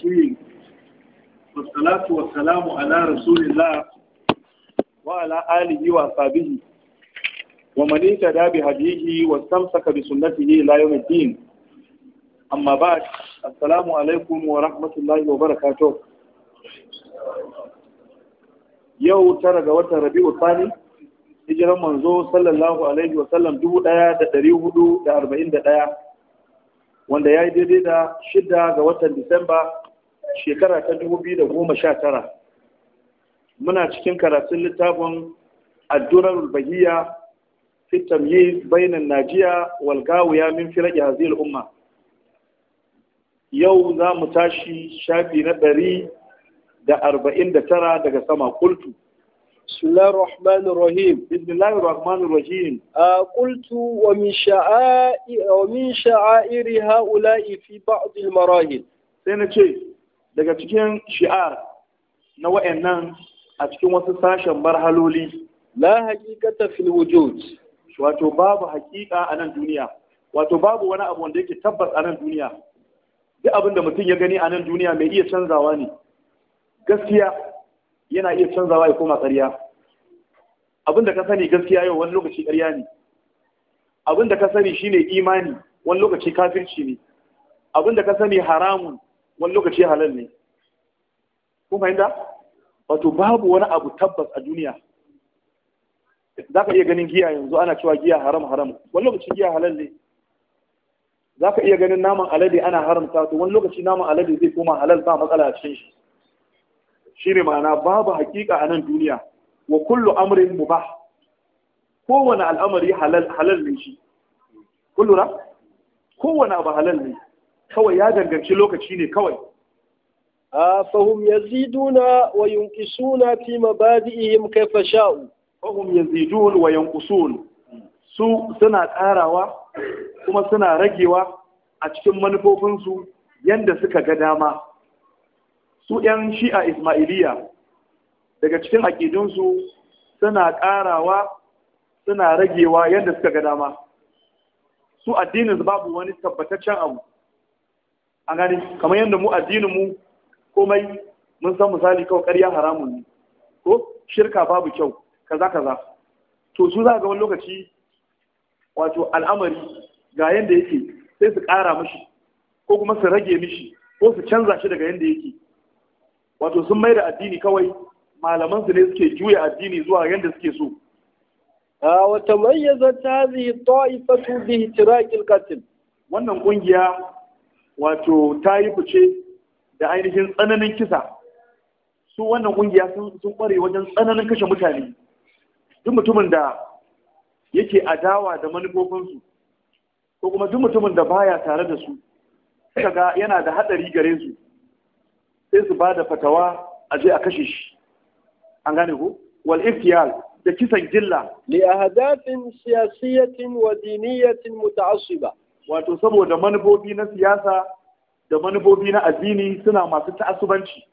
shi wasalatu wasalamu ala rasulillah wa ala alihi wa sabihi wa man da bi hadihi wa samsaka bi yi layo mai din amma ba a assalamu alaikum wa rahmatullahi wa barakato. yau tara ga watan rabiu Sani, hijiran manzo sallallahu alaihi wa sallam 1441 wanda ya yi daidai da shida ga watan Disamba shekara ta dubu biyu da goma sha tara. muna cikin karatun littafin addurar bahiya fi tamyiz bainan najiya wal gawiya min firaqi hazil umma yau za mu tashi shafi na ɗari da arba'in da tara daga sama kultu بسم الله الرحمن الرحيم بسم الله الرحمن الرحيم آه wa min شعائر ومن شعائر هؤلاء في بعض Sai na ce. daga cikin shi'ar na wa'annan a cikin wasu sashen marhaloli la haqiqata fil wujud wato babu haƙiƙa a nan duniya wato babu wani abu wanda yake tabbas a nan duniya duk abin da mutum ya gani a nan duniya mai iya canzawa ne gaskiya yana iya canzawa ya koma ƙarya abin da ka sani gaskiya yau wani lokaci ƙarya ne abin da ka sani shine imani wani lokaci kafirci ne abin da ka sani haramun wani lokaci halal ne kun fahimta wato babu wani abu tabbas a duniya za ka iya ganin giya yanzu ana cewa giya haram haram wani lokaci giya halal ne za ka iya ganin naman alade ana haramta to wani lokaci naman alade zai koma halal ba matsala a cikin shi shi ne ma'ana babu hakika a nan duniya wa kullu amrin mubah kowane al'amari halal halal ne shi kullu na kowane abu halal ne kawai ya danganci lokaci ne kawai A fahum yaziduna wa yunqisuna fi mabadi'ihim kaifa sha'u fahum yazidun wa yanqusun su suna ƙarawa kuma suna ragewa a cikin manufofinsu yanda suka ga dama su 'yan shi'a ismailiya daga cikin aƙidunsu suna ƙarawa suna ragewa yadda suka ga dama su addininsu babu wani tabbataccen abu an gane kamar yadda mu addinin mu komai mun san misali kawai ƙarya haramun ne ko shirka babu kyau kaza kaza to su za ga wani lokaci wato al'amari ga yadda yake sai su ƙara mishi ko kuma su rage mishi ko su canza shi daga yadda yake wato sun mai da addini kawai malaman su ne suke juya addini zuwa yadda suke so وتميزت هذه الطائفة باهتراك القتل wannan ƙungiya. wato ta yi fice da ainihin tsananin kisa su wannan ƙungiya sun kware wajen tsananin kashe mutane duk mutumin da yake adawa da manufofinsu ko kuma duk mutumin da baya tare da su suka ga yana da haɗari gare su sai su ba da fatawa a je a kashe shi an gane ko wal iftiyal da kisan gilla li ahadatin siyasiyatin wa diniyatin muta'assiba wato saboda manufofi na siyasa da manufofi na addini suna masu ta'asubanci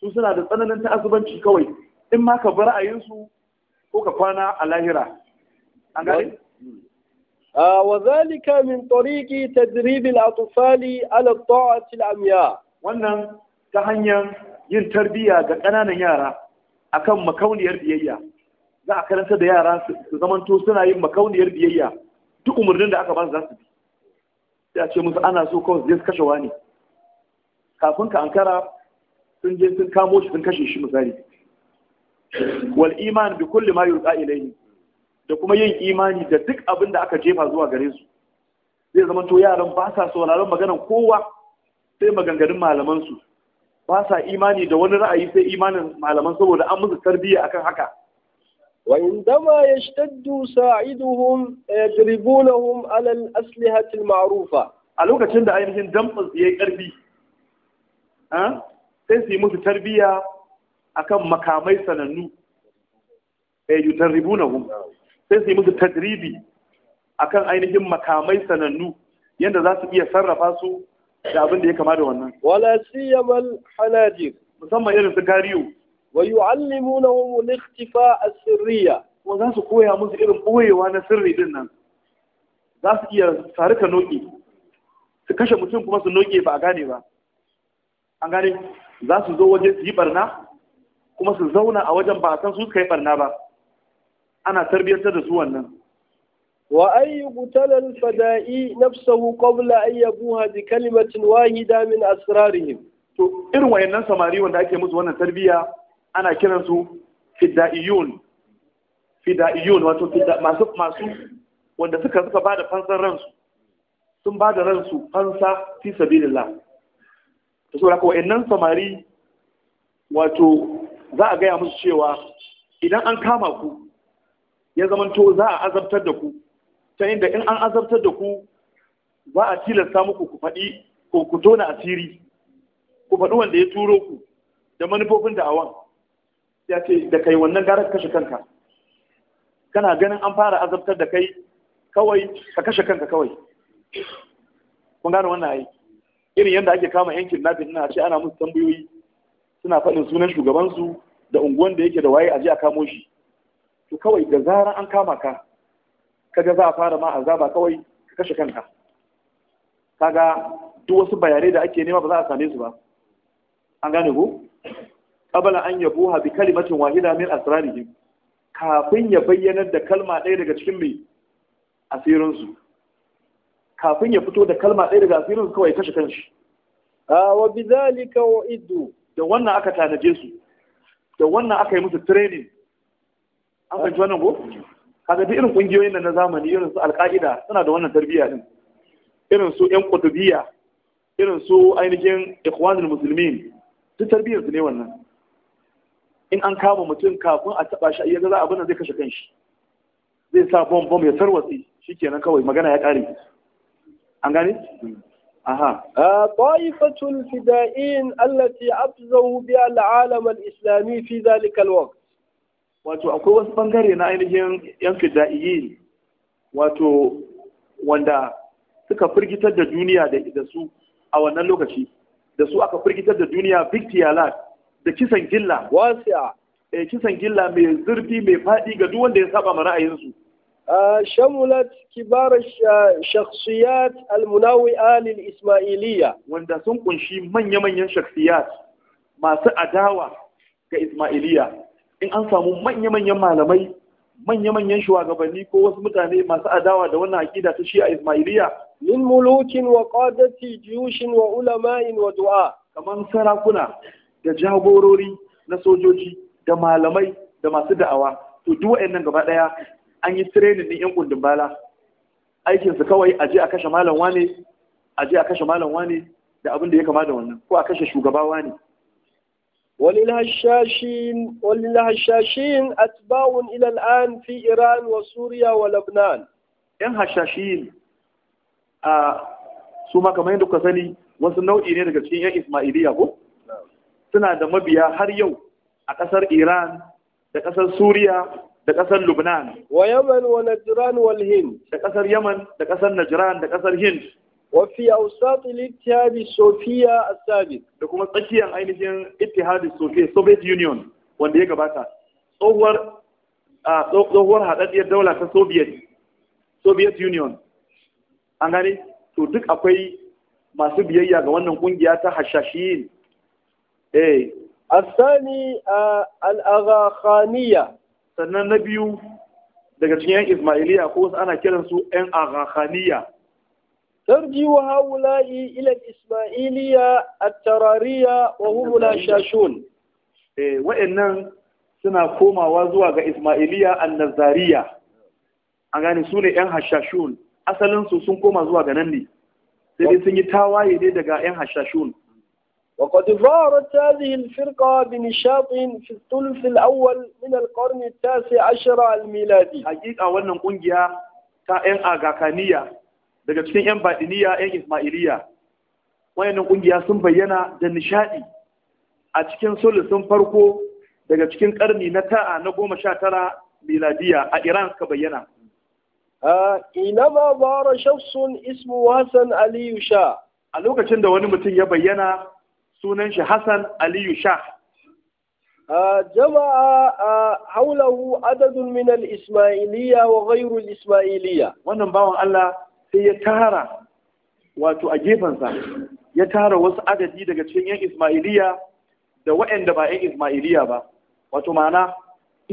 su suna da tsananin ta'asubanci kawai in ma ka bar ra'ayinsu ko ka kwana a lahira an gane ah, wa zalika min tariqi tadrib al-atfal ala taat al-amya wannan ta hanyar yin tarbiyya ga ƙananan yara akan makauniyar biyayya za a karanta da yara su zamanto suna yin makauniyar biyayya duk umarnin da aka ba su za ya ce musu ana so kawai zai kashe wani kafin ka ankara sun je sun kamo shi sun kashe shi misali wal iman bi kulli ma ne, ilayhi da kuma yin imani da duk abin da aka jefa zuwa gare su zai zama to yaran ba sa sauraron maganar kowa sai maganganun malaman su ba sa imani da wani ra'ayi sai imanin malaman saboda an musu tarbiyya akan haka وعندما يشتد ساعدهم يضربونهم asli الأسلحة maarufa. a lokacin da ainihin damfas ya yi ƙarfi sai su yi musu tarbiyya akan makamai sanannu e yutarribunahum sai su yi musu tadribi akan ainihin makamai sanannu yadda za su iya sarrafa su da abin da ya kama da wannan wala siyamal hanajir musamman irin su gariyo wa yu'allimunahum al-ikhtifa as-sirriya kuma za su koya musu irin boyewa na sirri din nan za su iya tare ka su kashe mutum kuma su noke ba a gane ba an gane za su zo waje su yi barna kuma su zauna a wajen ba a san su suka yi barna ba ana tarbiyyantar da su wannan wa an yi gutalar fada'i nafsahu qabla an yabuha bi kalimatin wahida min asrarihim to irin wayannan samari wanda ake musu wannan tarbiyya ana kiransu fidda'iyun fidda'iyun wato masu masu wanda suka suka ba da fansar ransu sun ba ransu fansa fi sabilillah to saboda ko wayannan samari wato za a gaya musu cewa idan an kama ku ya zamanto za a azabtar da ku ta inda in an azabtar da ku za a tilasta muku ku faɗi ko ku tona asiri ku faɗi wanda ya turo ku da manufofin da'awan ya ce da kai wannan gara ka kashe kanka kana ganin an fara azabtar da kai kawai ka kashe kanka kawai kun gane wannan ai irin yadda ake kama yankin nafin ina ce ana musu tambayoyi suna faɗin sunan shugabansu da unguwan da yake da waye a je a kamo shi to kawai da zarar an kama ka kaga za a fara ma azaba kawai ka kashe kanka kaga duk wasu bayanai da ake nema ba za a same su ba an gane ko qabla an yabuha bi kalimatin wahida min asrarihim kafin ya bayyanar da kalma ɗaya daga cikin mai asirinsu kafin ya fito da kalma ɗaya daga asirinsu kawai kashe kanshi wa bi zalika wa iddu da wannan aka tanaje su da wannan aka yi musu training an fahimci wannan ko kaga duk irin kungiyoyin nan na zamani irin su alƙa'ida suna da wannan tarbiyya din irin su yan qutubiyya irin su ainihin ikhwanul muslimin duk tarbiyyar su ne wannan in an kama mutum kafin a taba shi ya za abin da zai kashe kanshi zai sa bom bom ya ke shikenan kawai magana ya kare an gane aha qaifatul fida'in allati abzahu bi al-alam al-islami fi dhalika al-waqt wato akwai wasu bangare na ainihin yan fida'iyin wato wanda suka firgitar da duniya da su a wannan lokaci da su aka firgitar da duniya biktiyalat da kisan gilla wasi'a eh kisan gilla mai zurfi mai faɗi ga duk wanda ya saba ma ra'ayinsu shamulat kibara shakhsiyat almunawi'a alil ismailiyya wanda sun kunshi manya-manyan shakhsiyat masu adawa ga ismailiyya in an samu manya-manyan malamai manya-manyan shugabanni ko wasu mutane masu adawa da wannan aƙida ta shi a Ismailiyya. Min mulukin wa qadati jiyushin wa ulama'in wa du'a. Kamar sarakuna da jagorori na sojoji da malamai da masu da'awa to duk wayannan gaba daya an yi training din yan gundun bala aikin su kawai aje a kashe malam wane aje a kashe malam wane da abin da ya kama da wannan ko a kashe shugaba wane وللهشاشين وللهشاشين أتباع fi Iran wa Suriya wa ولبنان ‘yan hashashiyin a su ma kamar yadda kuka sani wasu nau'i ne daga cikin ‘yan Ismailiyya ko? suna da mabiya har yau a ƙasar Iran da ƙasar Suriya da ƙasar Lubnan. Wa Yaman wa Najran wal Hind. Da ƙasar Yaman da ƙasar Najran da ƙasar Hind. Wa fi awsat al Sofiya a Da kuma tsakiyar ainihin ittihad Sofiya Soviet Union wanda ya gabata. Tsohuwar tsohuwar haɗaɗɗiyar daula ta Soviet Soviet Union. An gane? To duk akwai masu biyayya ga wannan kungiya ta hashashiyin eh asani al Khaniya. sannan na biyu daga cikin yan ismailiya ko wasu ana kiransu yan aghakhaniya ترجي هؤلاء إلى الإسماعيلية الترارية وهم shashun شاشون eh, وإنن suna komawa zuwa ga Ismailiya annazariya an gane su ne ‘yan hashashun asalinsu sun koma zuwa ga nan ne sai dai sun yi tawaye ne daga ‘yan hashashun وقد ظهرت هذه الفرقة بنشاط في الثلث الأول من القرن التاسع عشر الميلادي حقيقة wannan kungiya ta ƴan agakaniya daga cikin ƴan badiniya ƴan ismailiya Wannan kungiya sun bayyana da nishadi a cikin sulusun farko daga cikin karni na ta'a na goma sha tara miladiya a Iran suka bayyana inama bara shafsun ismu Hassan Aliyu Sha a lokacin da wani mutum ya bayyana sunan shi Hassan Aliyu Shah haulahu adadun عدد من wa gairun الإسماعيلية wannan bawan Allah sai ya tara wato a gefensa ya tara wasu adadi daga cikin yan Ismailiya da waɗanda ba yan Ismailiya ba wato ma'ana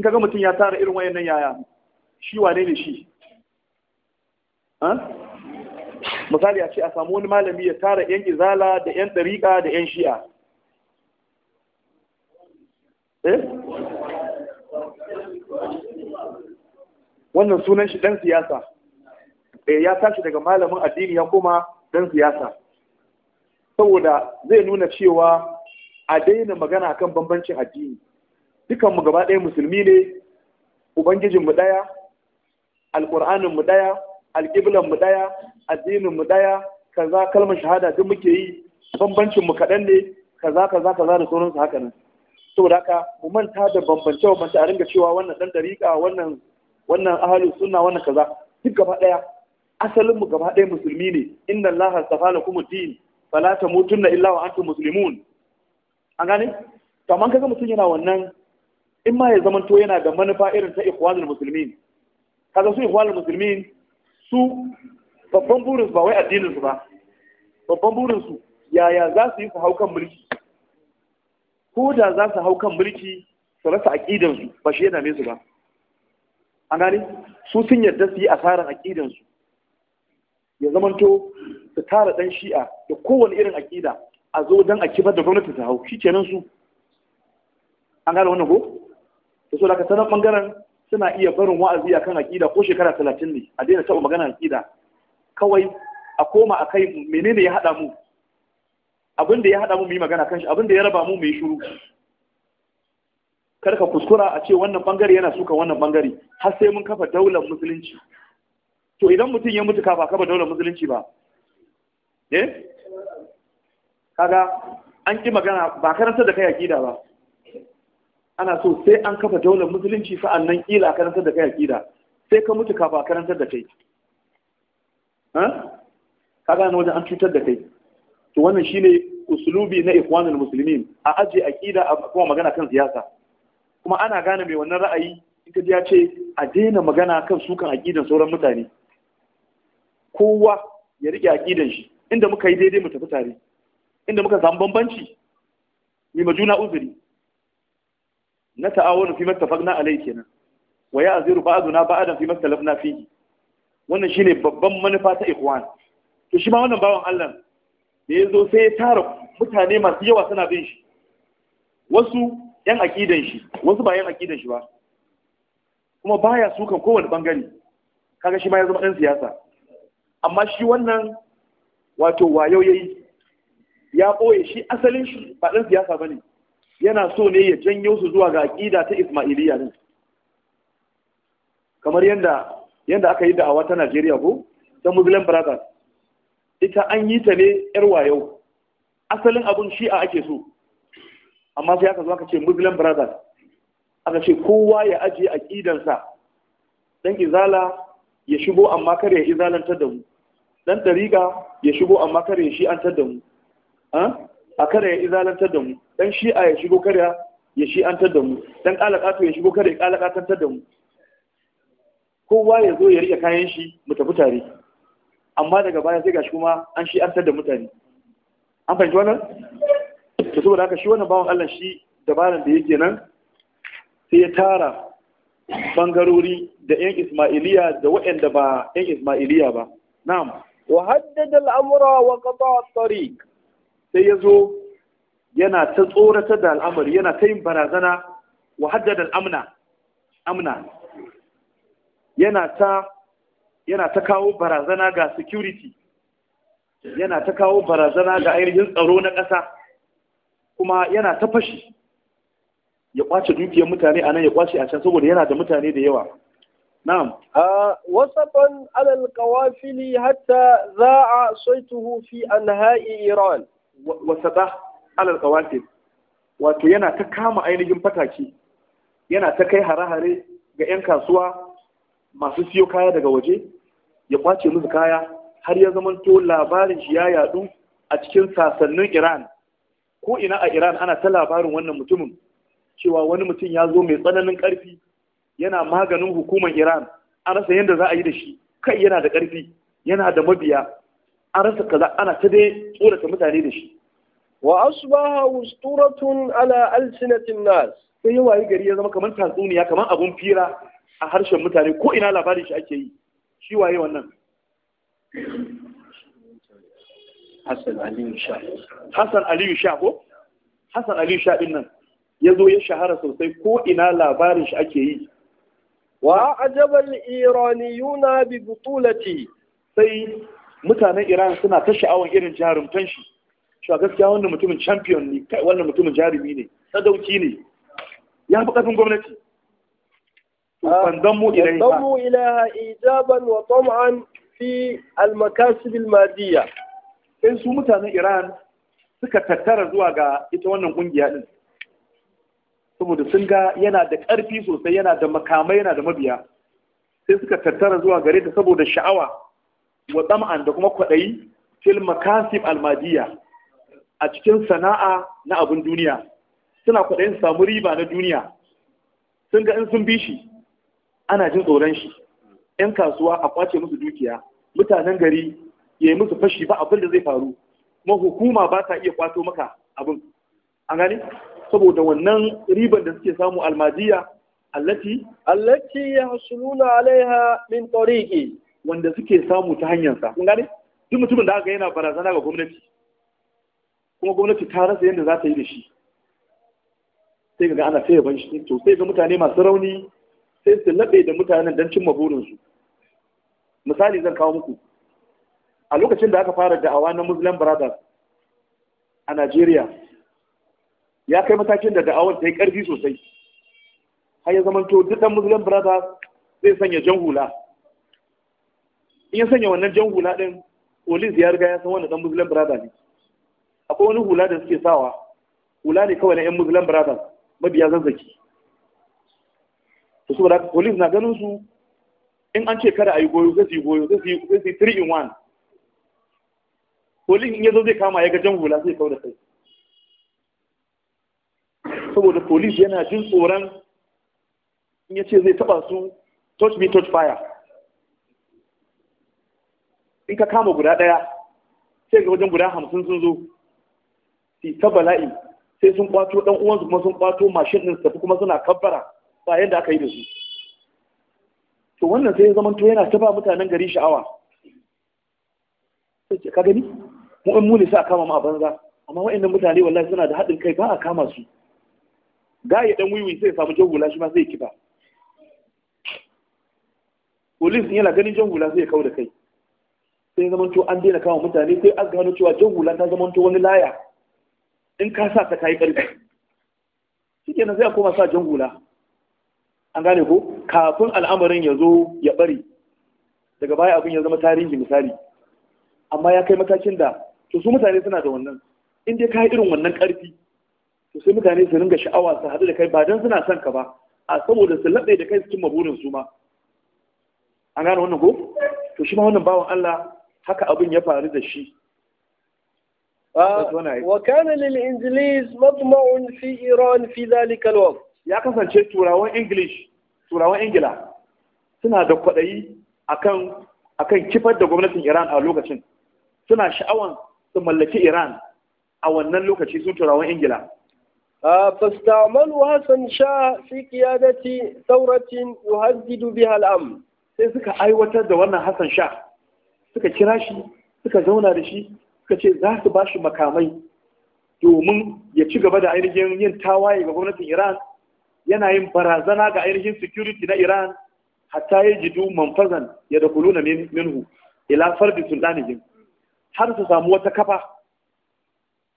in ga mutum ya tara irin wayannan yaya shi wane ne shi misali a ce a samu wani malami ya tara yan izala da yan dariƙa da yan shi'a eh? wannan sunan shi dan siyasa eh, ya tashi daga malamin addini ya koma dan siyasa saboda zai nuna cewa a daina magana kan bambancin addini dukanmu gaba ɗaya musulmi ne Ubangijin ubangijinmu ɗaya mu ɗaya alƙiblan mu ɗaya addinin mu ɗaya kaza kalmar shahada duk muke yi bambancin mu kaɗan ne kaza kaza kaza da sauransu haka nan da haka mu manta da bambance bambance a ringa cewa wannan dan dariƙa wannan wannan ahalu sunna wannan kaza duk gaba ɗaya asalin mu gaba ɗaya musulmi ne inna allaha astafa lakum ad-din fala tamutunna illa wa antum muslimun an gane to amma kaga mutum yana wannan in ma ya zamanto yana da manufa irin ta ikhwanul muslimin kaga su ikhwanul muslimin su babban burinsu ba wai addininsu ba babban burinsu yaya za su yi su hau kan mulki ko da za su hau kan mulki su rasa aƙidansu ba shi yana su ba an gane su sun yarda su yi asarar aƙidansu ya zamanto su tara ɗan shi'a da kowane irin aƙida a zo don a kifar da gwamnati ta hau shi kenan su an gane wannan ko da so ka sanar ɓangaren suna iya barin wa'azi a kan aƙida ko shekara talatin ne a daina taɓa magana aƙida kawai a koma a kai menene ya haɗa mu abin da ya haɗa mu mu yi magana kan shi abin da ya raba mu mai shuru. kar ka kuskura a ce wannan bangare yana suka wannan bangare har sai mun kafa daular musulunci to idan mutum ya mutu kafa kafa daular musulunci ba eh kaga an ki magana ba karanta da kai aƙida ba ana so sai an kafa daular musulunci fa nan kila a karantar da kai akida sai ka mutu kafa a karantar da kai ka gane wajen an cutar da kai to wannan shine usulubi na ikwanul muslimin a aje akida a kuma magana kan siyasa kuma ana gane mai wannan ra'ayi in ya ce a daina magana kan sukan akidan sauran mutane kowa ya rike akidan shi inda muka yi daidai mu tafi tare inda muka samu bambanci mai ma juna uzuri na ta'awunu fi mattafaqna alai kenan wa aziru ba'duna ba'dan fi mastalafna fihi wannan shine babban manufa ta ikhwan to shi ma wannan bawan Allah da yazo sai ya tara mutane masu yawa suna bin shi wasu yan akidan shi wasu ba yan akidan shi ba kuma baya sukan kowane bangare kaga shi ma ya zama dan siyasa amma shi wannan wato wayo yayi ya boye shi asalin shi ba ɗan siyasa bane yana so ne ya janyo su zuwa ga aƙida ta Isma'iliya ne kamar yadda yanda aka yi da'awa ta Najeriya ko ta Muslim Brothers ita an yi ta ne yar wayo asalin abun shi'a ake so amma sai aka zo aka ce Muslim Brothers aka ce kowa ya ajiye aƙidansa dan izala ya shigo amma kare ya izalantar da mu dan dariƙa ya shigo amma kare ya shi'antar da mu ah? a kada ya izalantar da mu dan shi'a ya shigo kada ya shi an da mu dan ƙalaƙatu ya shigo kada ya kalakatantar da mu kowa ya zo ya rike kayan shi mu tafi tare amma daga baya sai gashi kuma an shi shi'antar da mutane an fahimci wannan to saboda haka shi wannan bawan Allah shi dabaran da yake nan sai ya tara bangarori da 'yan Ismailiya da waɗanda ba 'yan Ismailiya ba. Na'am. Wa haddada al'amura wa qata at-tariq. sai ya zo yana ta tsoratar da al'amari yana ta yin barazana wa haddada amna amna yana ta yana ta kawo barazana ga security yana ta kawo barazana ga ainihin tsaro na ƙasa kuma yana ta fashi ya kwace dukiyar mutane a nan ya kwace a can saboda yana da mutane da yawa na'am wasafan alal qawafili hatta za'a saituhu fi anha'i iran Wasada alal qawatil wato yana ta kama ainihin fataki yana ta kai hare-hare ga 'yan kasuwa masu siyo kaya daga waje ya kwace musu kaya har ya zamanto labarin shi ya yadu a cikin sasannin iran ko ina a iran ana ta labarin wannan mutumin cewa wani mutum ya zo mai tsananin ƙarfi yana maganin hukumar iran an rasa yadda za a yi da shi kai yana da ƙarfi yana da mabiya an rasa kaza ana ta dai tsorata mutane da shi wa asbaha usturatun ala alsinatin nas sai yawa yi gari ya zama kamar tatsuniya kamar abun fira a harshen mutane ko ina labarin shi ake yi shi waye wannan Hassan Aliyu Sha Hassan Aliyu Sha ko Hassan Aliyu Sha din nan ya zo ya shahara sosai ko ina labarin shi ake yi wa ajabal iraniyuna bi butulati sai mutanen iran suna ta sha'awan irin jarumtan shi shi a gaskiya wannan mutumin champion ne wannan mutumin jarumi ne sadauki ne ya fi ƙarfin gwamnati فانضموا إليها فانضموا إليها إيجابا وطمعا في المكاسب المادية Sai su mutanen Iran suka tattara zuwa ga ita wannan kungiya din saboda sun ga yana da ƙarfi sosai yana da makamai yana da mabiya sai suka tattara zuwa gare ta saboda sha'awa wa tsam'an da kuma kwaɗayi fil makasib almadiya a cikin sana'a na abin duniya suna kwaɗayin samu riba na duniya sun ga in sun bi shi ana jin tsoron shi yan kasuwa a kwace musu dukiya mutanen gari ya yi musu fashi ba abin da zai faru kuma hukuma ba ta iya kwato maka abin an gani saboda wannan riban da suke samu almadiya allati allati yahsuluna alaiha min tariqi wanda suke samu ta hanyarsa kun gane duk mutumin da aka yana barazana ga gwamnati kuma gwamnati ta rasa yadda za ta yi da shi sai ga ana sai ban shi to sai ga mutane masu rauni sai su laɓe da mutanen don cimma burinsu misali zan kawo muku a lokacin da aka fara da'awa na muslim brothers a najeriya ya kai matakin da da'awar ta yi ƙarfi sosai har ya zamanto duk ɗan muslim brothers zai sanya jan hula in ya sanya wannan jan hula din polis ya riga ya san wannan dan muslim brother ne akwai wani hula da suke sawa hula ne kawai na yan muslim brother, mabiya zazzaki to saboda polis na ganin su in an ce kada a yi goyo zai yi goyo zai yi three in 1 polis in ya zo zai kama ya ga jan hula sai kawai da kai saboda polis yana jin tsoron in ya ce zai taba su touch me touch fire in ka kama guda ɗaya sai ga wajen guda hamsin sun zo fi ta bala'i sai sun kwato ɗan uwansu kuma sun kwato mashin ɗin tafi kuma suna kabbara ba yadda aka yi da su to wannan sai ya zama to yana taba mutanen gari sha'awa ka gani mu in mu ne sai a kama mu a banza amma wa'annan mutane wallahi suna da haɗin kai ba a kama su gaye ɗan wiwi sai ya samu jan hula shi ma sai ya kiba polis yana ganin jan hula sai ya kau da kai sai to an daina kama mutane sai an gano cewa jan hula ta to wani laya in ka sa ta kayi ƙarfi shi kenan sai a koma sa jan hula an gane ko kafin al'amarin ya zo ya bari daga baya abin ya zama tarihi misali amma ya kai matakin da to su mutane suna da wannan in dai ka yi irin wannan ƙarfi to sai mutane su ringa sha'awa su haɗu da kai ba don suna son ka ba a saboda su laɓe da kai su cimma burin su ma an gane wannan ko to shi ma wannan bawan Allah haka abin ya faru da shi ah, wa kana lil ingilis matma'un fi iran fi dhalika al ya kasance turawan english turawan ingila suna da kwaɗayi akan akan kifar da gwamnatin iran a lokacin suna sha'awan su mallaki iran a wannan lokaci sun turawan ingila فاستعملوا حسن شاه في قيادة ثورة يهدد بها الأمن sai suka aiwatar da wannan Hassan Shah suka kira shi suka zauna da shi suka ce za su ba shi makamai domin ya ci gaba da ainihin yin tawaye ga gwamnatin Iran yana yin barazana ga ainihin security na Iran hatta ya du manfazan ya da na minhu ila farbi sultanihim har su samu wata kafa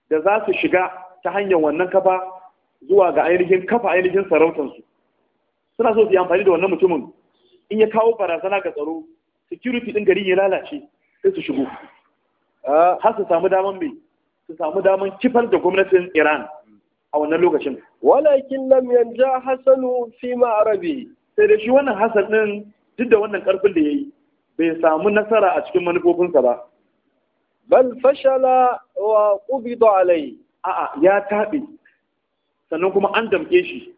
da za su shiga ta hanyar wannan kafa zuwa ga ainihin kafa ainihin sarautansu suna so su yi amfani da wannan mutumin in ya kawo barazana ga tsaro security din garin ya lalace sai su shigo har su samu daman mai su samu daman kifar da gwamnatin Iran a wannan lokacin walakin lam yanja hasanu fi ma'arabi sai da shi wannan hasan din duk da wannan karfin da yayi bai samu nasara a cikin manufofinsa ba bal fashala wa qubida alai a'a ya tabe sannan kuma an damke shi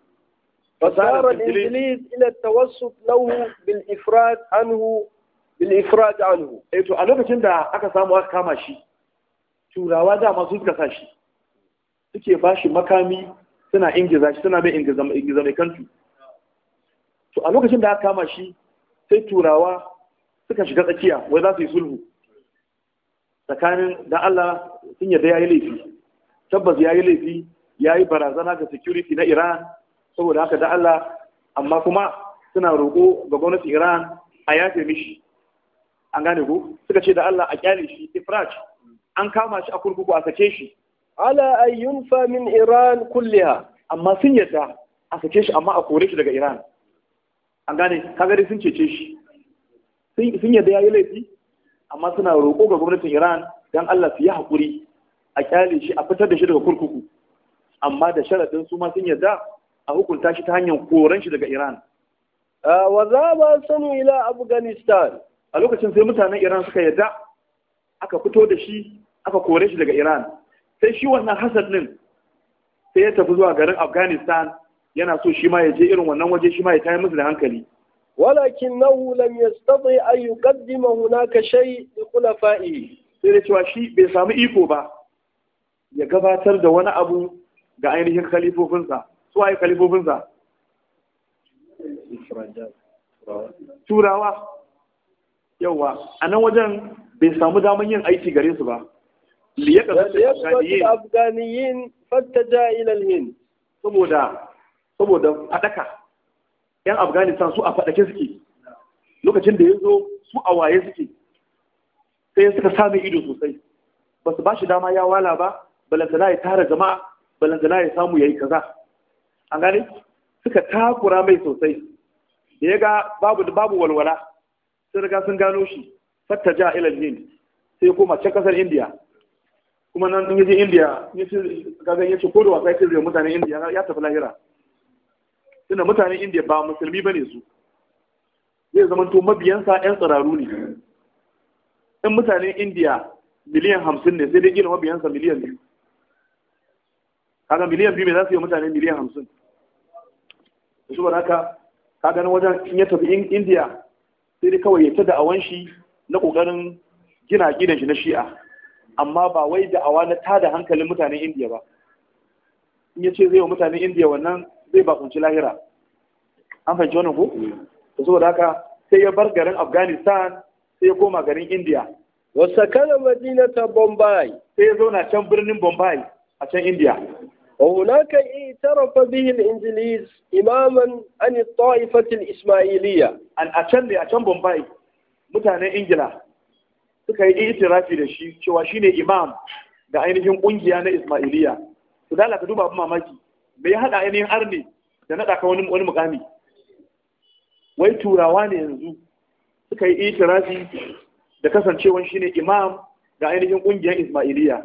fasara al-ingilis ila tawassut lahu bil ifrad anhu bil ifraj anhu eh to a lokacin da aka samu aka kama shi turawa da masu suka sa suke ba makami suna ingiza shi suna mai ingiza mai kantu to a lokacin da aka kama shi sai turawa suka shiga tsakiya wai za su yi sulhu tsakanin da Allah sun yarda yayi laifi tabbas yayi laifi yayi barazana ga security na Iran saboda haka da Allah amma kuma suna roko ga gwamnatin Iran a yafe mishi an gane ko suka ce da Allah a kyale shi ifraj an kama shi a kurkuku a sake shi ala ayyun fa min iran kulliha amma sun yadda a sake shi amma a kore shi daga iran an gane kaga dai sun cece shi sun yadda yi laifi amma suna roƙo ga gwamnatin iran don Allah su yi haƙuri a kyale shi a fitar da shi daga kurkuku amma da sharaɗin su ma sun yadda a hukunta shi ta hanyar koren shi daga iran ah, wa za ba sanu ila afghanistan a lokacin sai mutanen Iran suka yadda aka fito da shi aka kore shi daga Iran sai shi wannan Hassan din sai ya tafi zuwa garin Afghanistan yana so shi ma ya je irin wannan waje shi ma ya tayar musu da hankali lam yastati an yuqaddima hunaka shay li khulafa'i sai da cewa shi bai samu iko ba ya gabatar da wani abu ga ainihin khalifofinsa su waye khalifofinsa turawa yawa a nan wajen bai samu daman yin aiki gare su ba liyaqatul afganiyin fattaja saboda saboda fadaka yan afghanistan su a fadake suke lokacin da ya zo su a waye suke sai suka sami ido sosai ba su ba shi dama ya wala ba balantana ya tara jama'a balantana ya samu yayi kaza an gane suka takura mai sosai da ya ga babu walwala sun riga sun gano shi fatta ja ila hind sai koma can kasar india kuma nan in yaje india kaga ya ce ko da wasa yake mutanen india ya tafi lahira tunda mutanen india ba musulmi bane su zai zama to mabiyansa yan tsiraru ne in mutanen india miliyan hamsin ne sai dai gina mabiyansa miliyan biyu kaga miliyan biyu mai za su yi mutane miliyan hamsin da shi haka ka gani wajen in ya tafi indiya sai dai kawai ya ta da'awan shi na kokarin gina gidan shi na shi'a amma ba wai da'awa na ta da hankalin mutanen indiya ba in ya ce zai wa mutanen indiya wannan zai bakunci lahira an fahimci wannan ko to saboda haka sai ya bar garin afghanistan sai ya koma garin indiya wasa kana ta bombay sai ya zauna can birnin bombay a can indiya وهناك اعترف به الإنجليز إماما عن الطائفة الإسماعيلية أن أتم أتم بومباي متانا إنجلا suka yi itirafi da shi cewa shine imam da ainihin kungiya na Ismailiya to da Allah ka duba abin mamaki me ya hada ainihin arni da nada ka wani wani mukami wai turawa ne yanzu suka yi itirafi da kasancewan shine imam da ainihin kungiyar Ismailiya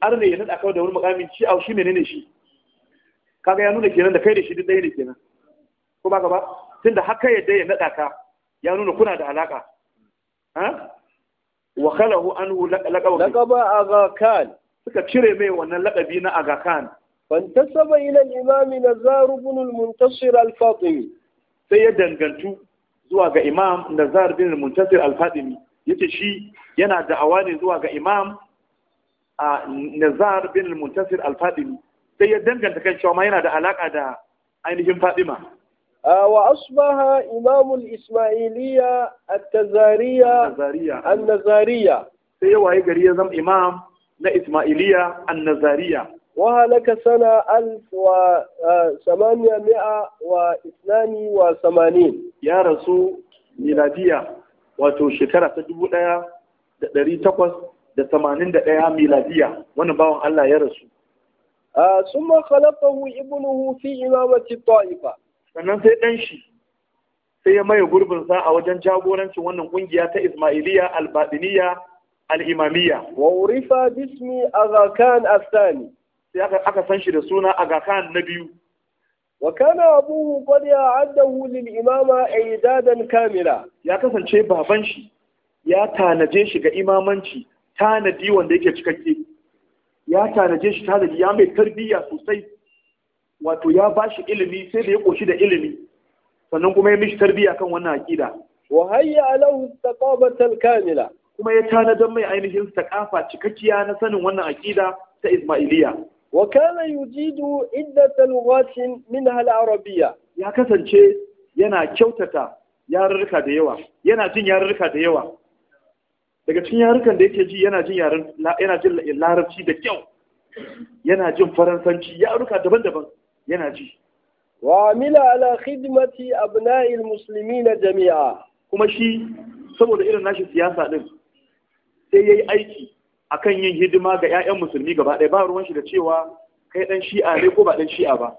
arne ya nada kawai da wani mukamin shi au shi menene shi kaga ya nuna kenan da kai da shi duk ɗaya ne kenan ko ba gaba tunda haka yadda ya nada ka ya nuna kuna da alaka ha wa khalahu anhu laqabu laqaba agakan suka cire mai wannan laqabi na agakan fantasaba ila al-imam nazar ibn al-muntasir al-fatimi sai ya dangantu zuwa ga imam nazar ibn al-muntasir al-fatimi yace shi yana da'awa ne zuwa ga imam a nazar bin muntasir al-fadimi sai ya danganta kan cewa ma yana da alaka da ainihin fadima wa asbaha Imamu al-ismailiyya at an nazariya sai ya waye gari ya zama imam na ismailiyya an nazariya wa halaka sana alf wa samaniya mi'a wa islami wa samanin ya rasu miladiya wato shekara ta dubu ɗaya da ɗari takwas da tamanin da ɗaya miladiya wani bawan Allah ya rasu sun hu ibnu hu fi imamati ta'ifa sannan sai ɗan shi sai ya maye gurbin sa a wajen jagorancin wannan ƙungiya ta Isma'iliya, al baɗiniya al-Imamiyya wa urifa bismi Aga Khan sai aka aka san shi da suna Aga Khan na biyu wa kana abuhu qad ya'addahu lil imama aidadan kamila ya kasance baban shi ya tanaje shi ga imamanci tanadi wanda yake cikakke ya tanaje shi tanadi ya mai tarbiyya sosai wato ya ba shi ilimi sai da ya koshi da ilimi sannan kuma ya mishi tarbiyya kan wannan aƙida. wa hayya alahu taqabatal kamila kuma ya tanadar mai ainihin takafa cikakkiya na sanin wannan aƙida ta isma'iliya wa kana yujidu iddat lughatin minha al-arabiyya ya kasance yana kyautata yarurruka da yawa yana jin yarurruka da yawa daga cikin yarukan da yake ji yana jin yaren yana jin larabci da kyau yana jin faransanci yaruka daban-daban yana ji wa amila ala khidmati abna'i almuslimina jami'a kuma shi saboda irin nashi siyasa din sai yayi aiki akan yin hidima ga 'ya'yan musulmi gaba ɗaya ba ruwan shi da cewa kai dan shi'a ne ko ba dan shi'a ba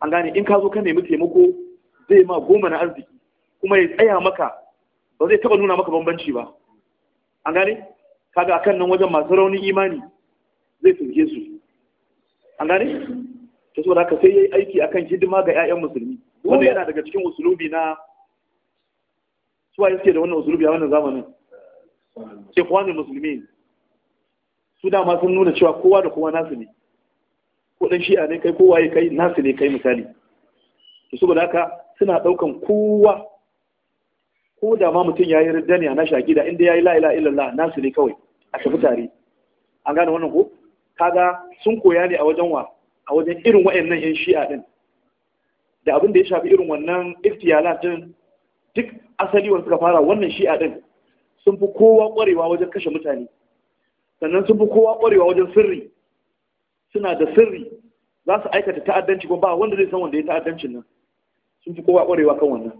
an gane in ka zo ka nemi taimako zai ma goma na arziki kuma ya tsaya maka ba zai taɓa nuna maka bambanci ba an gane kaga akan nan wajen masu rauni imani zai turge su an gane ta saboda haka sai yi aiki akan hidima ga 'ya'yan musulmi wanda yana daga cikin usulubi na suwaye suke da wannan usulubi a wannan zamanin ne musulmi? su dama sun nuna cewa kowa da kowa nasu ne ko dan shi'a ne kai kowa kai nasu ne kai misali to saboda haka suna daukan kowa ko da ma mutum ya yi ridda ne a nashi akida inda ya yi la'ila ilaha illallah nasu ne kawai a tafi tare an gane wannan ko kaga sun koya ne a wajen wa a wajen irin wa'annan yan shi'a din da abin da ya shafi irin wannan iftiyala din duk asali wanda suka fara wannan shi'a din sun fi kowa kwarewa wajen kashe mutane sannan sun fi kowa kwarewa wajen sirri suna da sirri za su aikata ta'addanci ko ba wanda zai san wanda ya ta'addancin nan sun fi kowa kwarewa kan wannan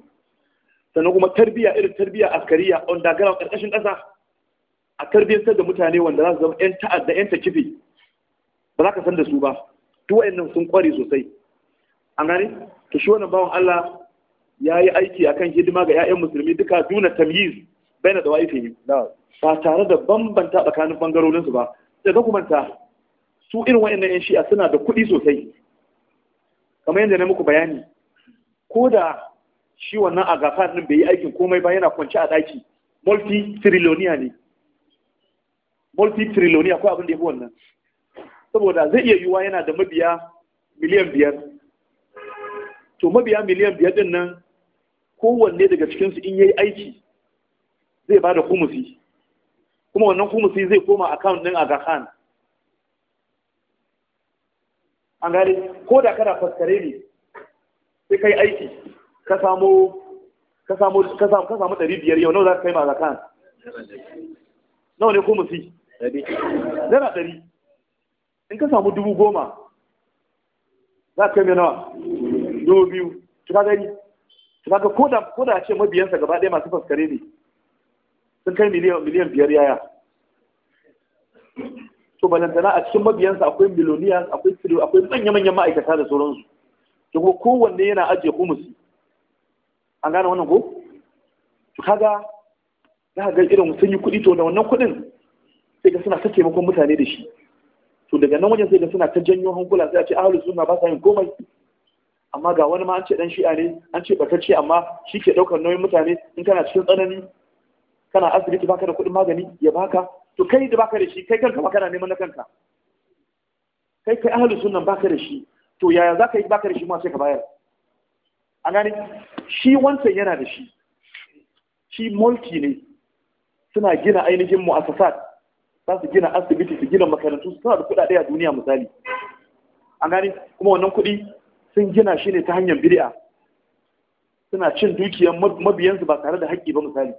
sannan kuma tarbiya irin tarbiya askariya on dagara karkashin ƙasa a tarbiyyantar da mutane wanda za su zama yan ta'adda yan takifi ba za ka san da su ba duk nan sun kware sosai an gani, to shi wannan bawan Allah ya yi aiki akan hidima ga 'ya'yan musulmi duka duna tamyiz baina da wa'ifi ba tare da bambanta tsakanin bangarorin su ba da dokumenta su irin wayannan yan shi'a suna da kuɗi sosai kamar yadda na muku bayani ko da shi wannan agafa din bai yi aikin komai ba yana kwance a daki multi trillionia ne multi trillionia ko abin da yafi wannan saboda zai iya yiwuwa yana da mabiya miliyan biyar to mabiya miliyan biyar din nan kowanne daga cikinsu in yi aiki zai ba da kumusi kuma wannan kumusi zai koma account din aga khan an gane ko da kana faskare ne sai kai aiki ka samu ɗari biyar yau nawa za ka kai ma zakan nawa ne ko musi naira ɗari in ka samu dubu goma za ka kai mai nawa dubu biyu kika gani kika ga koda da ce mabiyansa gaba ɗaya masu faskare ne sun kai miliyan miliyan biyar yaya to balantana a cikin mabiyansa akwai miloniya akwai akwai manya-manyan ma'aikata da sauransu to kuma kowanne yana ajiye kumusi an gane wannan ko to kaga za ka ga irin sun yi kuɗi to da wannan kuɗin sai ga suna ta taimakon mutane da shi to daga nan wajen sai ga suna ta janyo hankula sai a ce ahlus sunna ba sa yin komai amma ga wani ma an ce dan shi'a ne an ce batacce amma shi ke ɗaukar nauyin mutane in kana cikin tsanani kana asibiti baka da kuɗin magani ya baka to kai da baka da shi kai kanka baka na neman na kanka kai kai ahlus sunna baka da shi to yaya za ka yi baka da shi ma sai ka bayar a gani shi wancan yana da shi shi mulki ne suna gina ainihin mu'assasat za su gina asibiti su gina makarantu suna da kuɗaɗe a duniya misali a gani kuma wannan kuɗi sun gina shi ne ta hanyar bid'a suna cin dukiyar mabiyansu ba tare da haƙƙi ba misali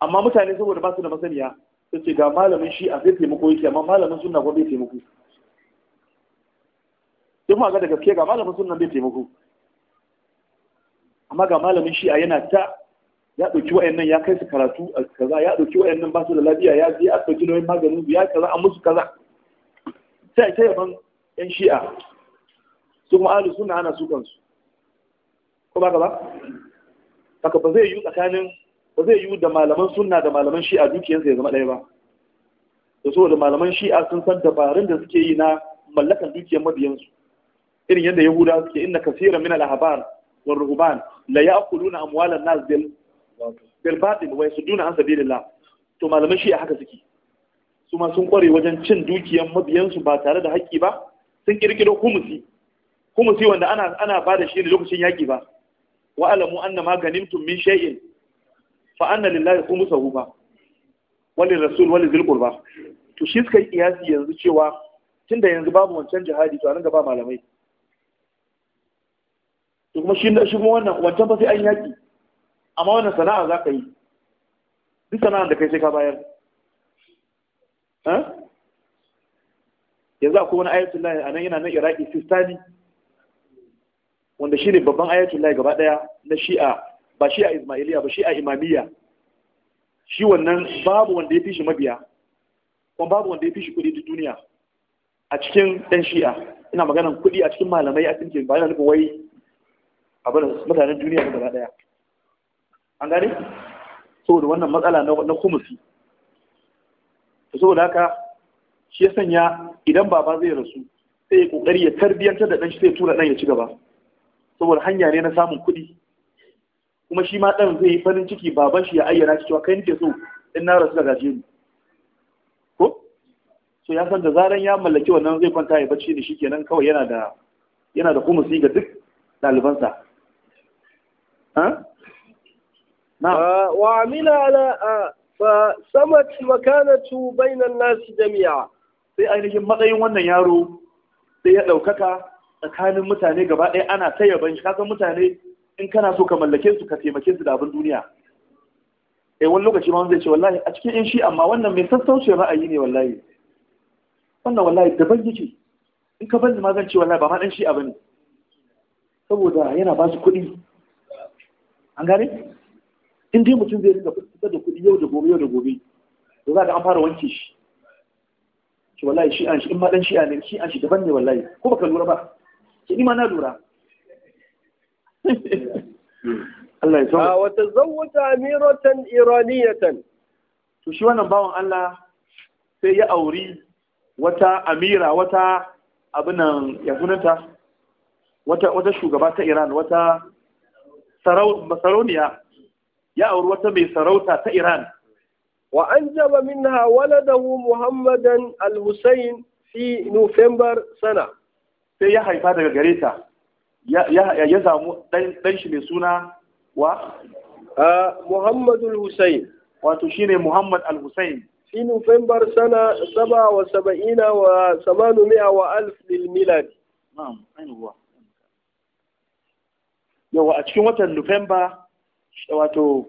amma mutane saboda ba su da masaniya sun ce ga malamin shi a zai taimako yake amma malamin sunna kuma bai taimako duk ma ga da gaske ga malamin sunna bai taimako amma ga malamin shi'a yana ta ya ɗauki wa'annan ya kai su karatu a kaza ya ɗauki wa'annan ba su da lafiya ya je a ɗauki nauyin maganin ya kaza an musu kaza sai ta yaban yan shi'a su kuma alu suna ana su ko ba ka ba haka ba zai yi tsakanin ba zai yi da malaman sunna da malaman shi'a dukiyansa ya zama ɗaya ba da saboda malaman shi'a sun san dabarun da suke yi na mallakan dukiyar mabiyansu irin yadda yahuda suke inna kasira min al-ahbar wal ruhban la ya'kuluna amwalan nas bil bil batil wa yasudduna an sabilillah to malaman shi haka suke su ma sun kware wajen cin dukiyan mabiyansu ba tare da haƙƙi ba sun kirkiro kumusi, kumusi wanda ana ana bada shi ne lokacin yaƙi ba wa alamu anna ma ganimtum min shay'in fa anna lillahi khumsahu ba walil rasul walil zil qurba to shi suka yi kiyasi yanzu cewa tunda yanzu babu wancan jihadi to a nan gaba malamai to kuma shi shi kuma wannan wancan fa sai an yaki amma wannan sana'a za ka yi duk sana'ar da kai sai ka bayar eh? yanzu akwai wani ayatul lahi a yana nan iraki sistani wanda shine babban ayatul lahi gaba daya na shi'a ba shi'a ismailiya ba shi'a imamiyya shi wannan babu wanda ya fi shi mabiya kuma babu wanda ya fi shi kuɗi ta duniya a cikin ɗan shi'a ina maganan kuɗi a cikin malamai a cikin ba yana nufin wai abin mutanen duniya ne gaba daya an gane saboda wannan matsala na kumusi Da saboda haka shi ya sanya idan baba zai rasu sai ya kokari ya tarbiyyantar da dan shi sai tura dan ya ci gaba saboda hanya ne na samun kuɗi kuma shi ma dan zai yi farin ciki baban shi ya ayyana shi cewa kai nake so in na rasu daga jini ko so ya san da zaran ya mallaki wannan zai kwanta ya bacci da shi kenan kawai yana da yana da kumusi ga duk ɗalibansa Ah, wa amila ala ah, fa samat makanatu bainan nasi jami'a sai ainihin matsayin wannan yaro sai ya ɗaukaka tsakanin mutane gaba ɗaya ana ta yaban shi kasan mutane in kana so ka mallake su ka taimake su da abin duniya eh wani lokaci ma zai ce wallahi a cikin shi amma wannan mai sassauce ra'ayi ne wallahi wannan wallahi daban yake in ka bani ma zan ce wallahi ba ma dan shi abu ne saboda yana ba su kuɗi an gane in dai mutum zai rika fitar da kuɗi yau da gobe yau da gobe to za ka an fara wanke shi shi wallahi shi an shi in ma dan shi an shi an shi daban ne wallahi ko baka lura ba ki ni ma na lura Allah ya sauka wa tazawwaja amiratan iraniyatan to shi wannan bawan Allah sai ya auri wata amira wata abinan ya sunanta wata wata shugaba ta Iran wata Masaroniya ya auri wata mai sarauta ta Iran wa an anjaba minha waladahu Muhammadan al-Husayn fi November sana sai ya haifa daga gare ta ya samu dan shi mai suna wa Muhammadul Husayn wato shi ne Muhammad al-Husayn fi November sana 77 wa 800 wa alf lil milad na'am ainihi yawa a cikin watan nufemba wato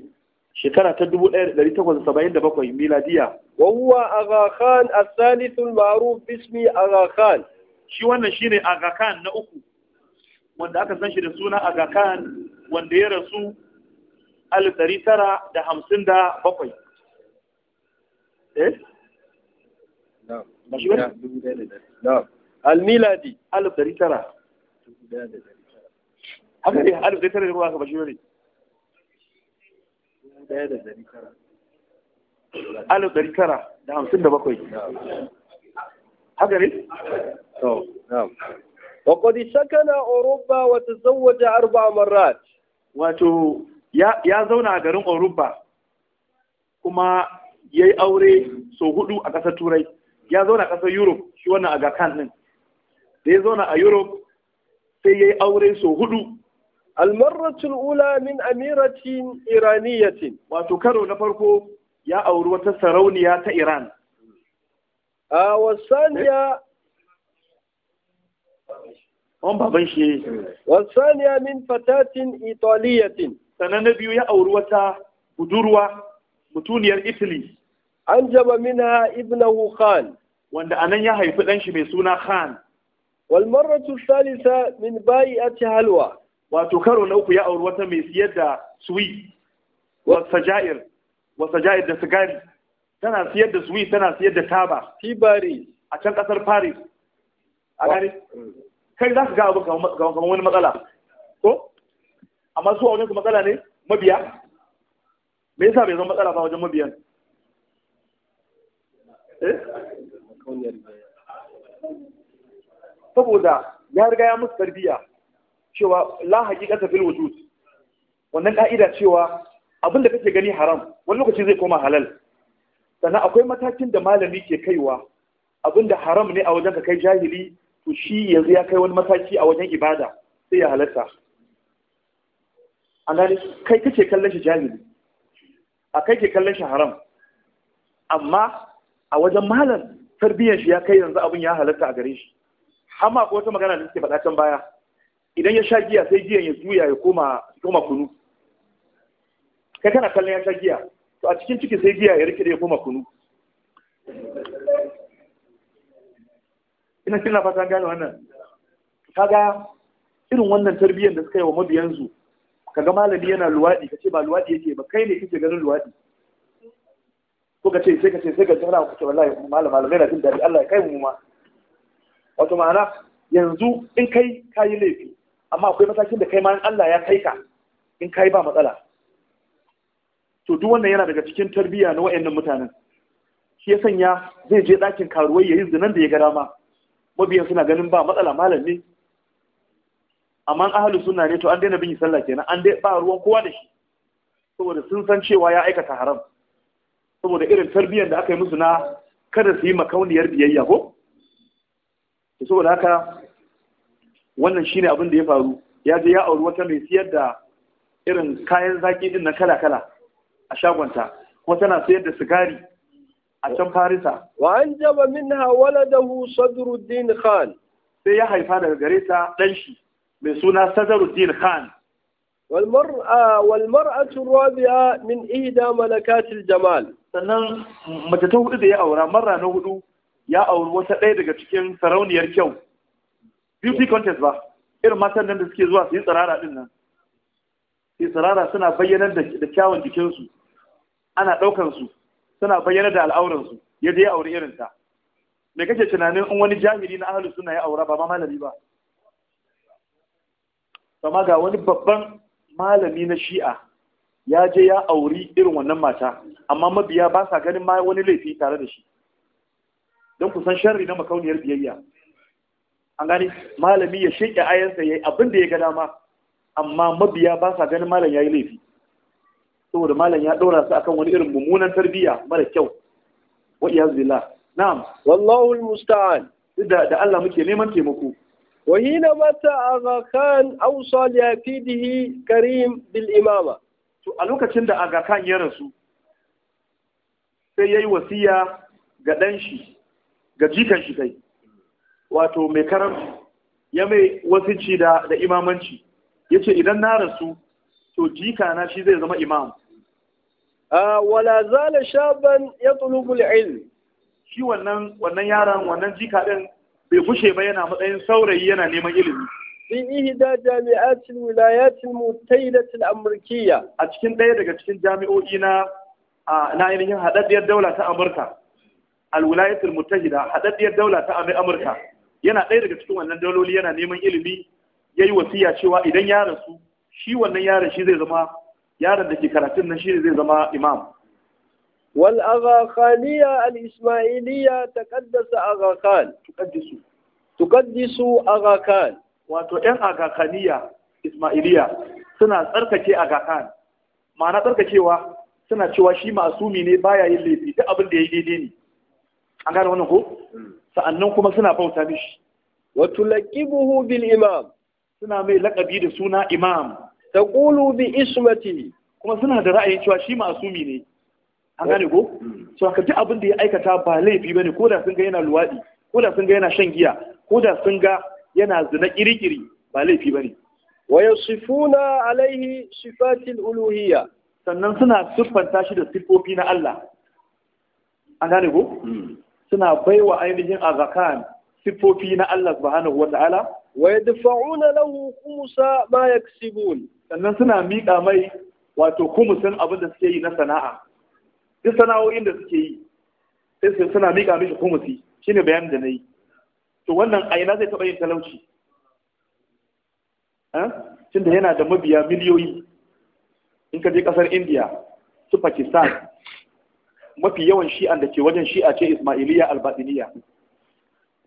shekara ta 1877 miladiya wa Aga Khan as-salith al-ma'ruf bismi Aga Khan shi wannan shine Aga Khan na uku wanda aka san shi da suna Aga Khan wanda ya rasu 1957 eh al-miladi 1900 haka ne alif ɗaya ɗari tara da hamsin da bakwai haka ne وقد سكن wata وتزوج أربع مرات wato ya zauna a garin Oruba kuma ya yi aure sau hudu a ƙasar Turai ya zauna a ƙasar Europe shi wannan a kan din da ya zauna a Europe sai ya yi aure sau hudu almarratul ula min amiratin iraniyatin wato karo na farko ya auri wata sarauniya ta iran a wasaniya on baban shi wasaniya min fatatin italiyatin sannan na biyu ya auri wata budurwa mutuniyar italy an jaba minha ibnahu khan wanda anan ya haifi ɗan shi mai suna khan والمرة الثالثة من بائعة halwa. wato karo na uku ya auri wata mai siyar da suwi wasa ja'ir wasa ja'ir da sigari tana siyar da suwi tana siyar da taba tibari a can kasar paris a gani kai za su ga abu kamar wani matsala ko amma su a wajen su matsala ne mabiya me yasa bai zama matsala ba wajen mabiyan eh? saboda ya riga ya musu tarbiyya cewa la ta fil wujud wannan ka'ida cewa abin da kake gani haram wani lokaci zai koma halal sannan akwai matakin da malami ke kaiwa abin da haram ne a wajen ka kai jahili to shi yanzu ya kai wani mataki a wajen ibada sai ya halatta an gane kai kake kallon shi jahili a kai ke kallon shi haram amma a wajen malam tarbiyyar shi ya kai yanzu abin ya halatta a gare shi amma ko wata magana da suke faɗa can baya idan ya sha giya sai giyan ya juya ya koma koma kunu kai kana kallon ya sha giya to a cikin ciki sai giya ya rike da ya koma kunu ina kina lafata gane wannan kaga irin wannan tarbiyyar da suka yi wa mabiyansu kaga malami yana luwaɗi? Ka ce ba luwaɗi yake ba kai ne kake ganin luwaɗi? ko ka ce, sai ka ce, sai ka ce ana kace wallahi malam malam yana jin daɗi, Allah ya kai mu ma wato ma'ana yanzu in kai kayi laifi amma akwai matakin da kai ma Allah ya kai ka in kai ba matsala to duk wannan yana daga cikin tarbiyya na wayannan mutanen shi ya sanya zai je dakin karuwai ya yi zinan da ya ga dama mabiyan suna ganin ba matsala malam ne amma ahalus sunna ne to an daina bin sallah kenan an dai ba ruwan kowa da shi saboda sun san cewa ya aikata haram saboda irin tarbiyyar da aka yi musu na kada su yi makauniyar biyayya ko saboda haka wannan shine abin da ya faru ya je ya auri wata mai siyar da irin kayan zaki din na kala kala a shagonta kuma tana siyar da sigari a can Farisa wa an jaba minha waladahu Sadruddin Khan sai ya haifa daga gare ta dan shi mai suna Sadruddin Khan والمرأة والمرأة الرابعة min إحدى malakatil jamal sannan mace ta hudu da ya aura marra na hudu ya auri wata ɗaya daga cikin sarauniyar kyau beauty contest ba irin matan nan da suke zuwa su yi tsirara din nan su tsirara suna bayyanar da kyawun jikinsu ana ɗaukar su suna bayyanar da al'auransu yadda ya auri irinta ta me kake tunanin in wani jahili na ahlus suna ya aura ba ma malami ba amma ga wani babban malami na shi'a ya je ya auri irin wannan mata amma mabiya ba sa ganin ma wani laifi tare da shi don kusan sharri na makauniyar biyayya an gani malami ya shirya ayansa yayi abin da ya ga dama amma mabiya ba sa ganin malam ya yi laifi saboda malam ya ɗora su akan wani irin mummunan tarbiyya mara kyau wa iyaz billah na'am wallahu almusta'an da da Allah muke neman taimako wa hina mata aga khan awsa li afidihi karim bil imama to a lokacin da aga khan ya rasu sai yayi wasiya ga dan shi ga jikan shi kai wato mai karamci ya mai wasici da da imamanci yace idan na rasu to jika na shi zai zama imam wala zala shaban yatlubu al-ilm shi wannan yaran wannan jika din bai fushe ba yana matsayin saurayi yana neman ilimi fi ihda cin al-wilayat al-muttahidat al Amurkiya. a cikin ɗaya daga cikin jami'o'i na na ainihin haɗaɗɗiyar daula ta Amurka al-wilayat haɗaɗɗiyar daula ta Amurka yana ɗaya daga cikin wannan daloli yana neman ilimi ya yi wasiya cewa idan ya rasu shi wannan yaron shi zai zama yaron da ke karatun nan shi zai zama imam wal aghakhaniya al ismailiya taqaddasa aghakan tuqaddisu tuqaddisu aghakan wato yan aghakhaniya ismailiya suna tsarkake aghakan ma'ana tsarkakewa suna cewa shi masumi ne baya yin laifi duk abin da ya yi daidai ne an gane wannan ko sa'annan kuma suna bauta mishi wa tulaqibuhu bil imam suna mai lakabi da suna imam ƙulu bi ismati kuma suna da ra'ayin cewa shi ma'asumi ne an gane ko mm. so haka duk abin da ya aikata ba laifi ne ko da sun ga yana luwaɗi, ko da sun ga yana shan giya ko da sun ga yana zina ƙirƙiri, ba laifi ba ne. wa yasifuna alaihi sifatin uluhiyya sannan suna siffanta shi da siffofi na Allah an gane ko mm. suna baiwa ainihin azakan siffofi na Allah subhanahu wata'ala wa yadfa'una lahu khumsa ma yaksibun sannan suna miƙa mai wato kumusin abin da suke yi na sana'a duk sana'o'in da suke yi sai suna miƙa mishi kumusi, shine bayanin da nayi to wannan aina zai taɓa yin talauci tunda yana da mabiya miliyoyi in ka je ƙasar Indiya su Pakistan mafi yawan shi'an da ke wajen shi'a ce Ismailiyya al-Batiniya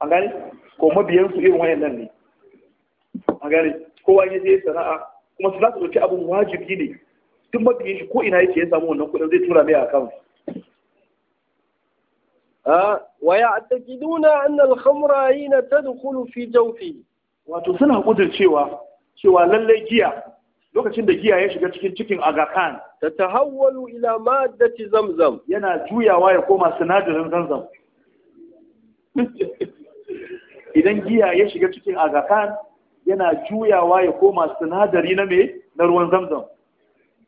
an gane ko mabiyan su irin wayan nan ne an gane kowa ya je sana'a kuma su za su dauki abun wajibi ne duk mabiyan shi ko ina yake ya samu wannan kuɗin zai tura mai account ويعتقدون أن الخمر na تدخل في جوفه wato suna kudur cewa cewa lallai giya lokacin da giya ya shiga cikin cikin agakan ta tahawwalu ila maddati zamzam yana juyawa ya koma sinadarin zamzam idan giya ya shiga cikin agakan yana juyawa ya koma sinadari na me na ruwan zamzam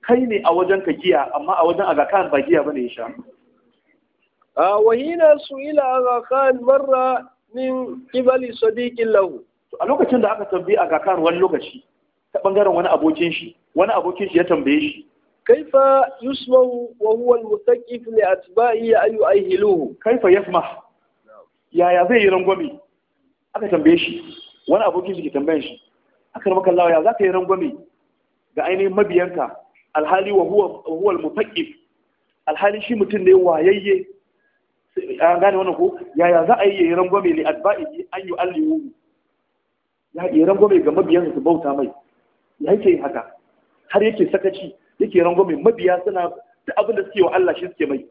kai ne a wajen ka giya amma a wajen agakan ba giya bane ya sha A wahina su ila agakan marra min kibali sadiqin lahu a lokacin da aka tambayi agakan wani lokaci ta bangaren wani abokin shi wani abokin shi ya tambaye shi kaifa yusmahu wa huwa al-mutaqif li atba'i ya ayu ayhiluhu kaifa ya yaya zai yi rangwame aka tambaye shi wani abokin shi ke tambayan shi aka rama kallawa ya zaka yi rangwame ga ainihin mabiyanka alhali wa huwa huwa al-mutaqif alhali shi mutum ne wayayye an gane wannan ko yaya za a yi rangwame li atba'i an yu'allihu ya yi rangwame ga mabiyansa su bauta mai yake yin haka har yake sakaci yake rangwame mabiya suna da abin da suke wa Allah shi suke mai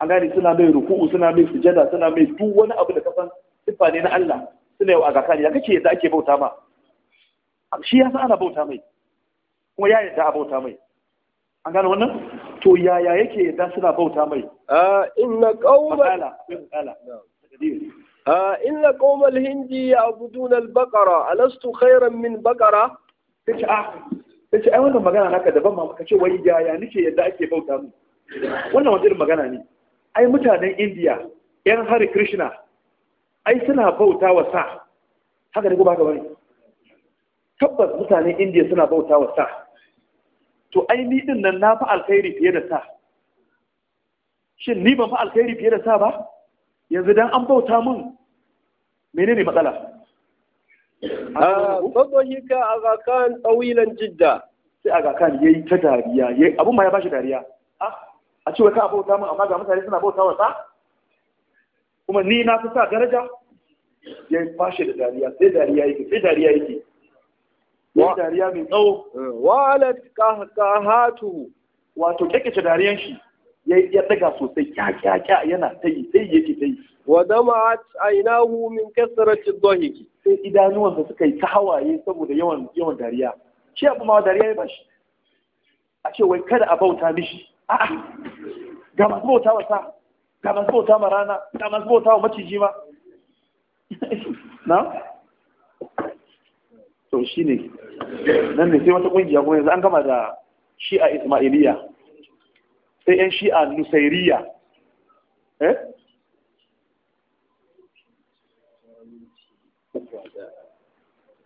an gane suna mai ruku'u suna mai sujada suna mai duk wani abu da kafan siffa ne na Allah suna yau agaka ne ya kace yadda ake bauta ma shi ya san ana bauta mai kuma ya yadda a bauta mai an gane wannan to yaya yake yadda suna bauta mai ah, inna qawma إن قوم الهند يعبدون البقرة ألست خيرا من بقرة تجي آه تجي أي wannan magana naka daban ma kace wai yaya nake yadda ake bauta mu wannan wani magana ne ai mutanen India yan Hari Krishna ai suna bauta wa sa haka ko ba haka bane tabbas mutanen India suna bauta wa sa to ai ni din nan na fa alkhairi fiye da sa shin ni ban fa alkhairi fiye da sa ba yanzu dan an bauta min menene matsala ka fadhika kan tsawilan jidda sai kan ya yi ta dariya abin abun ma ya bashi dariya a ce ka bauta min amma ga mutane suna bauta wasa? kuma ni na fi sa daraja ya bashi da dariya sai dariya yake sai dariya yake Sai dariya mai tsawo walat hatu. wato kyakkyace dariyan shi ya daga sosai kya kya kya yana ta yi sai yake ta yi wa dama'at aynahu min kasrati dhahiki sai idanuwansa suka yi ta hawaye saboda yawan yawan dariya shi abu ma dariya ya bashi a ce wai kada a bauta mishi a'a ga masu bauta sa, ga masu bauta ma rana ga masu bauta wa maciji ma na to shine nan ne sai wata kungiya kuma yanzu an gama da shi'a ismailiya sai yan shi'a nusairiya eh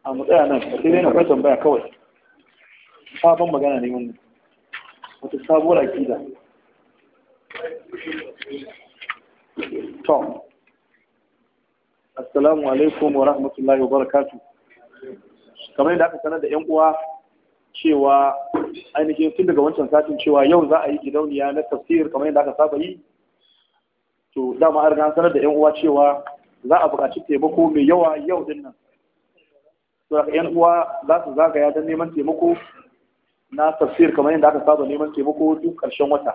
a matsaya nan sai dai na kwai tambaya kawai sabon magana ne wannan wata sabuwar akida Tom. assalamu alaikum wa rahmatullahi wa barakatu. kamar yadda aka sanar da yan uwa cewa ainihin tun daga wancan satin cewa yau za a yi gidauniya na tafsir kamar yadda aka saba yi to dama an riga sanar da yan uwa cewa za a buƙaci taimako mai yawa yau din nan to yan uwa za su zagaya don neman taimako na tafsir kamar yadda aka saba neman taimako duk ƙarshen wata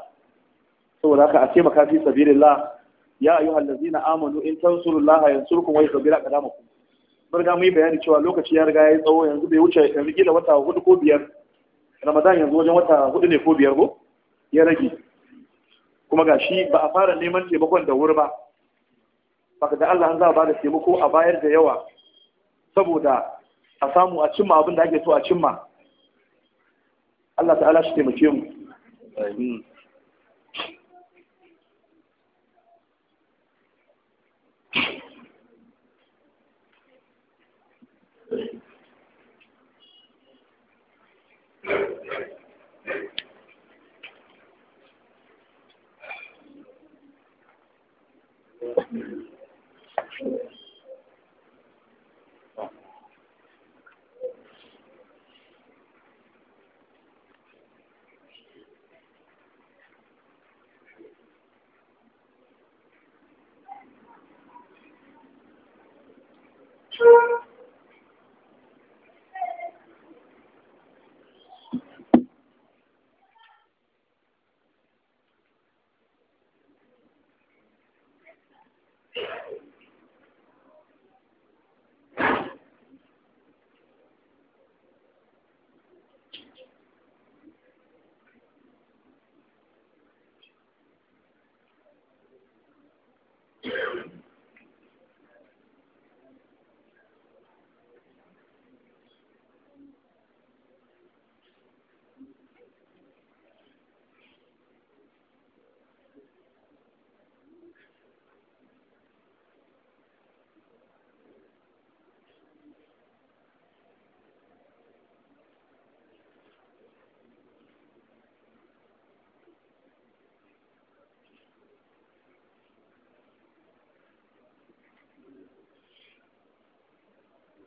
saboda haka a taimaka fi sabilillah ya ayyuhallazina amanu in tansurullaha yansurkum wa yuthabbit aqdamakum riga mu yi bayani cewa lokaci ya riga ya yi tsawo yanzu bai wuce yanzu kila wata hudu ko biyar ramadan yanzu wajen wata hudu ne ko biyar ko ya rage kuma ga shi ba a fara neman taimakon da wuri ba baka da Allah an za a ba da taimako a bayar da yawa saboda a samu a cimma abin da ake so a cimma Allah ta'ala shi taimake mu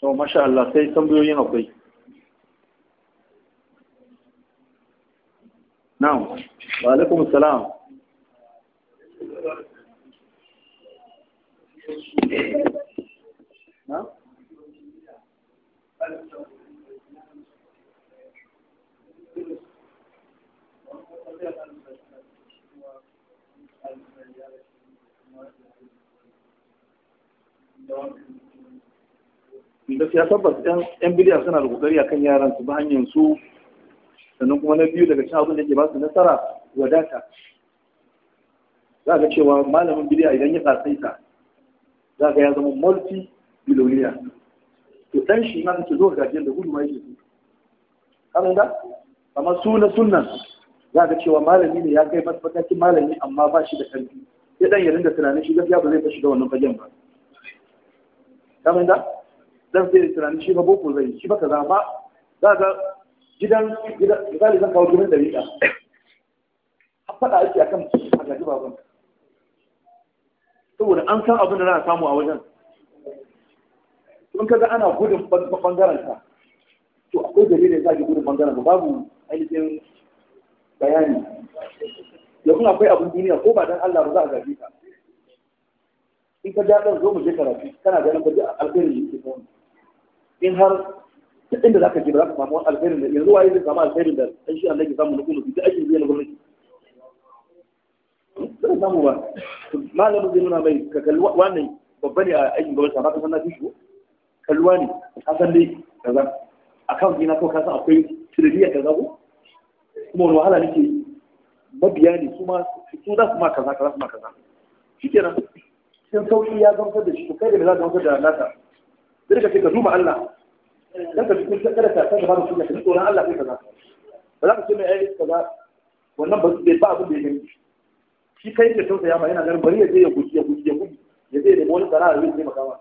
تو ما شاء الله سي سمبيو ينوكي نعم وعليكم السلام Thank you. gaskiya tabbas yan bidiya suna da kokari akan yaran su ba hanyar su sannan kuma na biyu daga cikin abin da ke ba su nasara wadata za ga cewa malamin bidiya idan ya ta za ga ya zama multi biloniya to dan shi ma ke zo ga gajiyar da gudu ma yake su kamar da amma su na sunnan za ga cewa malami ne ya kai matakin malami amma ba shi da karfi sai dan ya rinda tunanin shi gaskiya ba zai fashi da wannan fagen ba kamar da zan sai da tunanin shi ba boko zai shi ba za ba za ga gidan gidan misali zan kawo gidan dariƙa an faɗa ake akan a gaji baban saboda an san abin da za a samu a wajen in kaga ana gudun bangaren ka to akwai dalilin za ki gudun bangaren ka babu ainihin bayani yanzu akwai abin duniya ko ba dan Allah ba za a gaji ka in ka ja zo mu je karatu kana ganin ba alƙairi ne in har duk inda ka je ba za ka samu alkhairin da yanzu waye zai samu alkhairin da an shi an ke samu na kullu duk aikin zai na gwamnati Zan samu ba malamin zai nuna mai ka kalli wannan babba ne a aikin gwamnati amma ka san na fi shi kalluwa ne ka san dai kaza account ɗina kawai ka san akwai tiriliya kaza ko kuma wani wahala nake mabiya ne su ma su za su ma kaza kaza su ma kaza shikenan sun sauki ya gamsar da shi to kai da me za ka gamsar da naka sai ka ka duba Allah dan ka cikin kada ka san da babu sunna ka tsoron Allah sai kaza ba za ka ce mai ai kaza wannan ba bai ba abin da ya gani shi kai ke tausaya ma yana ganin bari ya je ya guji ya guji ya guji ya je ya nemi wani sana'a zai taimaka ma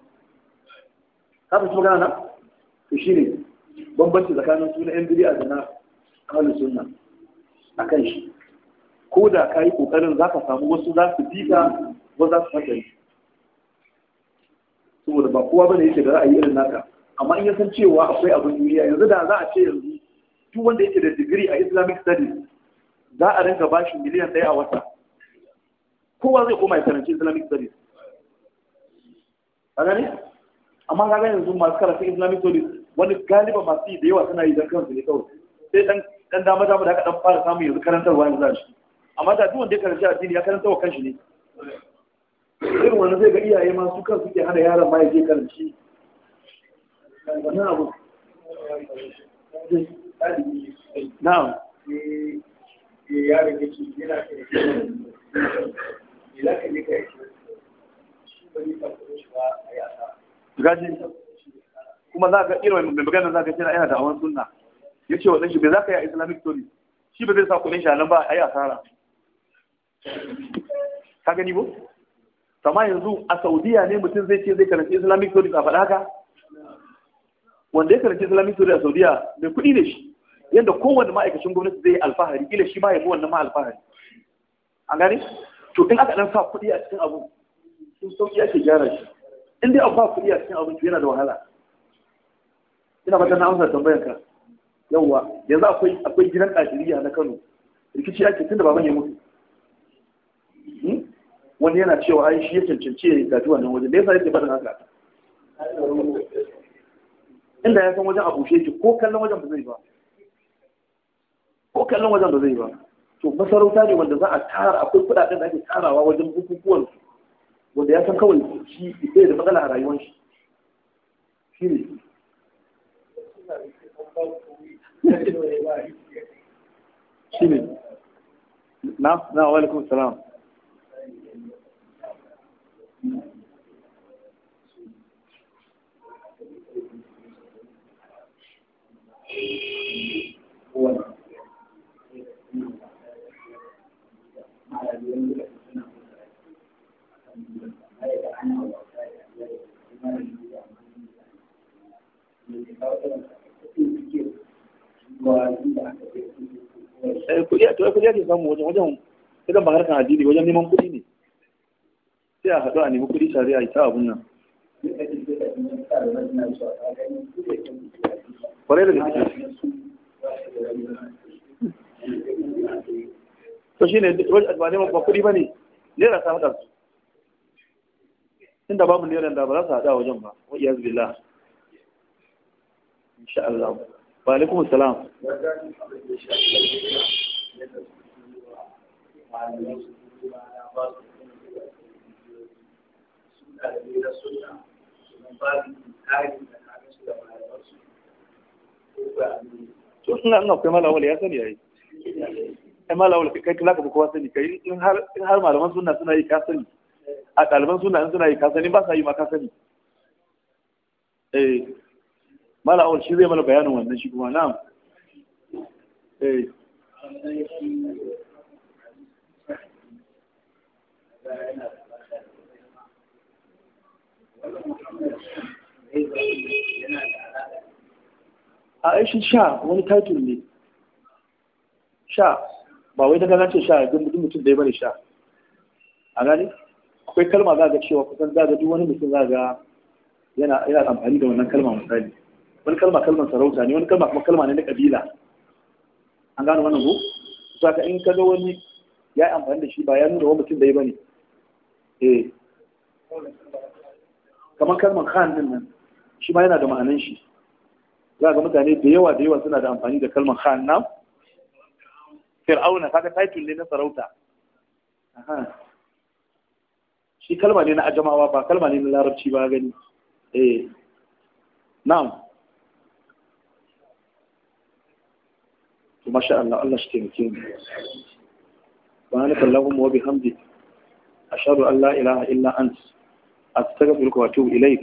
ka fi magana na to shine bambanci tsakanin suna yan bid'a da na ahlus sunna akan shi ko da ka yi kokarin za ka samu wasu za su bi ka wasu za su fadari saboda ba kowa bane yake da ra'ayi irin naka amma in ya san cewa akwai abin duniya yanzu da za a ce yanzu duk wanda yake da digiri a Islamic studies za a rinka bashi miliyan ɗaya a wata kowa zai koma ya karanci Islamic studies ka gani? amma ka ga yanzu masu karatun Islamic studies wani galiba masu yi da yawa suna yi don kansu ne kawai sai dan dan dama dama da aka dan fara samun yanzu karantarwa yanzu za shi amma da duk wanda ya karanci addini ya karanta wa kanshi ne irin wani zai ga iyaye ma su kan suke hana yaron ma ya je karanci wannan abu na'am yaron yake yana gaji kuma za ka irin mai magana za ka ce yana da awon sunna ya ce wa ɗanshi bai za ka yi islamic story shi ba zai sa kuɗin shi a nan ba a yi asara ka gani ko kama yanzu a saudiya ne mutum zai ce zai karanci islamic studies a faɗa haka wanda ya karanci islamic studies a saudiya mai kuɗi ne shi yadda kowane ma'aikacin gwamnati zai yi alfahari kila shi ma ya fi wannan ma alfahari a gane to in aka ɗan sa kuɗi a cikin abu sun sauƙi ake gyara shi in dai abu ba kuɗi a cikin to yana da wahala ina fatan na amsa tambayar ka yawwa yanzu akwai gidan ɗajiriya na kano rikici ake tun da baban ya mutu wani yana cewa ai shi ya cancanci ya gaji wannan wajen me yasa yake barin haka inda ya san wajen abu bushe ko kallon wajen ba zai ba ko kallon wajen ba zai ba to masarauta ne wanda za a tara akwai kuɗaɗen da ake tarawa wajen bukukuwan wanda ya san kawai shi bai da matsala a rayuwar shi shi ne na na wa alaikum salam Eh, kuɗi a tuwa kuɗi ake samu wajen wajen idan ba harkar addini wajen neman kuɗi ne sai a haɗu a nemi kuɗi tare a yi ta abun nan kwarai da gaske to shi ne ba neman ba kuɗi ba ne naira ta haɗa su inda babu naira da ba za su haɗa wajen ba wa iyaz billah insha Allah wa alaikum salam Thank you. na sunna kari da su da to ina kai malawal ya sani yayi ai malawal kai sani kai in har in har malaman suna yi ka sani a ɗaliban sunna in suna yi ka sani ba sa yi ma ka sani eh malawal shi zai mana bayanin wannan shi kuma na'am eh yana a aishi sha wani title ne sha ba wai daga zance sha ga mutum mutum da ya bane sha a gani akwai kalma za ga cewa kusan za ga duk wani mutum za ga yana yana amfani da wannan kalma misali wani kalma kalmar sarauta ne wani kalma kuma kalma ne na kabila an gano wannan ko saka in kaga wani ya yi amfani da shi ba ya nuna wani mutum da ya bane eh kamar kalmar khan din nan shi ma yana da ma'anan shi za ga mutane da yawa da yawa suna da amfani da kalmar khan nan? fir'auna kaga title ne na sarauta shi kalma ne na ajamawa ba kalma ne na larabci ba gani eh na'am masha Allah Allah shi taimake mu subhanaka allahumma wa bihamdika ashhadu an la ilaha illa anta astaghfiruka wa atubu ilaik